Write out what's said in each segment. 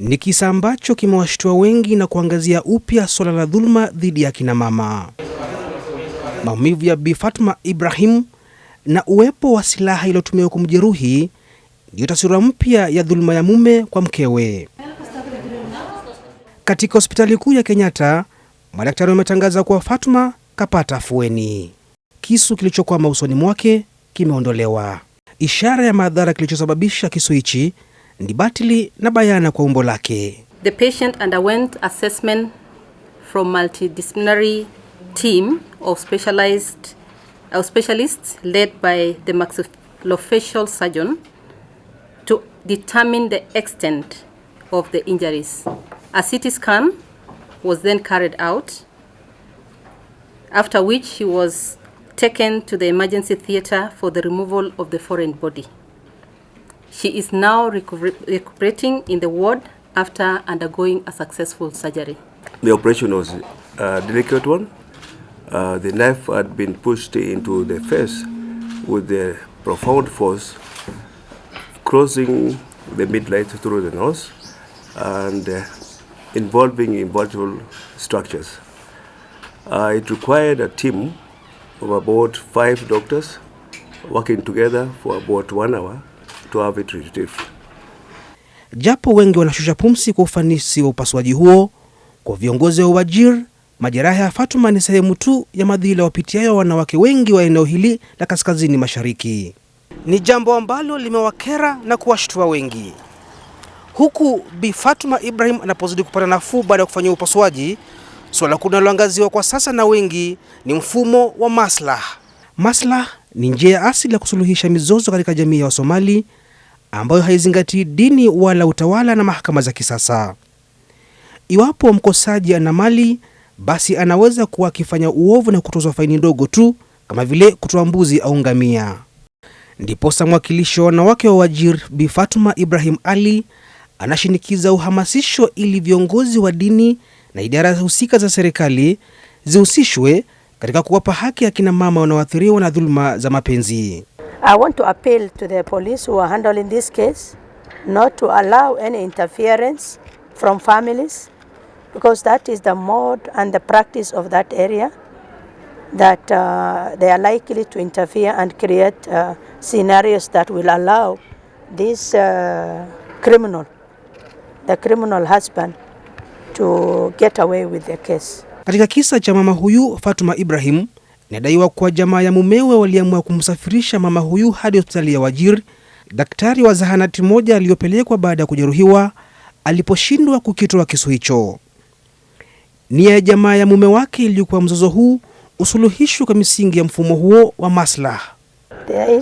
Ni kisa ambacho kimewashtua wengi na kuangazia upya swala la dhuluma dhidi ya kina mama, maumivu ya Bi Fatma Ibrahim na uwepo wa silaha iliyotumiwa kumjeruhi ndiyo taswira mpya ya dhuluma ya mume kwa mkewe. Katika hospitali kuu ya Kenyatta, madaktari wametangaza kuwa Fatma kapata afueni. Kisu kilichokwama usoni mwake kimeondolewa, ishara ya madhara kilichosababisha kisu hichi ni batili na bayana kwa umbo lake. The patient underwent assessment from multidisciplinary team of specialized of specialists led by the maxillofacial surgeon to determine the extent of the injuries. A CT scan was then carried out after which he was taken to the emergency theater for the removal of the foreign body. She is now recuperating in the ward after undergoing a successful surgery. The operation was a delicate one. Uh, the knife had been pushed into the face with a profound force, crossing the midline through the nose and uh, involving invulnerable structures. Uh, it required a team of about five doctors working together for about one hour to have it retrieved. Japo wengi wanashusha pumsi kwa ufanisi wa upasuaji huo, kwa viongozi wa Wajir, majeraha ya Fatuma ni sehemu tu ya madhila wapitiayo wanawake wengi wa eneo hili la kaskazini mashariki. Ni jambo ambalo limewakera na kuwashtua wengi, huku Bi Fatuma Ibrahim anapozidi kupata nafuu baada ya kufanya upasuaji. Suala kuu linaloangaziwa kwa sasa na wengi ni mfumo wa maslah. Maslah ni njia ya asili ya kusuluhisha mizozo katika jamii ya Wasomali ambayo haizingatii dini wala utawala na mahakama za kisasa. Iwapo mkosaji ana mali, basi anaweza kuwa akifanya uovu na kutozwa faini ndogo tu kama vile kutoa mbuzi au ngamia. Ndiposa mwakilishi wa wanawake wa Wajir Bi Fatuma Ibrahim Ali anashinikiza uhamasisho ili viongozi wa dini na idara husika za serikali zihusishwe katika kuwapa haki akina mama wanaoathiriwa na dhuluma za mapenzi. I want to appeal to the police who are handling this case not to allow any interference from families because that is the mode and the practice of that area that uh, they are likely to interfere and create uh, scenarios that will allow this uh, criminal, the criminal husband, to get away with the case. Katika kisa cha mama huyu Fatuma Ibrahim Inadaiwa kuwa jamaa ya mumewe waliamua kumsafirisha mama huyu hadi hospitali ya Wajir. Daktari wa zahanati moja aliyopelekwa baada ya kujeruhiwa aliposhindwa kukitoa kisu hicho. Nia ya jamaa ya mume wake ilikuwa mzozo huu usuluhishwe kwa misingi ya mfumo huo wa maslaha. The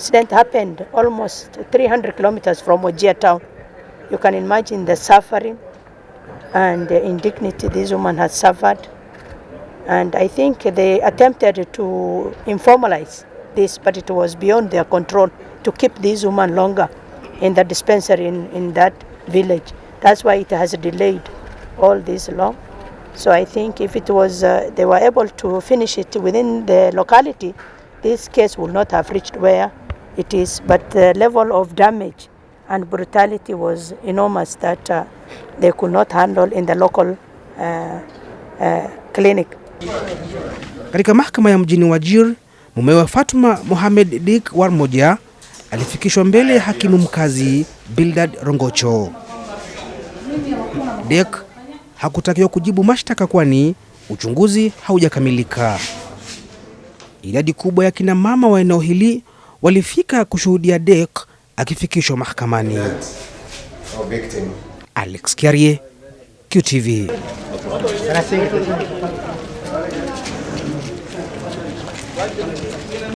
And I think they attempted to informalize this, but it was beyond their control to keep these women longer in the dispensary in, in that village. That's why it has delayed all this long. So I think if it was uh, they were able to finish it within the locality, this case would not have reached where it is. But the level of damage and brutality was enormous that uh, they could not handle in the local uh, uh clinic. Katika mahakama ya mjini Wajir, mumewe Fatuma Mohamed Dik Warmoja alifikishwa mbele ya hakimu mkazi Bildad Rongocho. Dik hakutakiwa kujibu mashtaka kwani uchunguzi haujakamilika. Idadi kubwa ya kina mama wa eneo hili walifika kushuhudia Dek akifikishwa mahakamani. Alex Kiarie, QTV. 만들어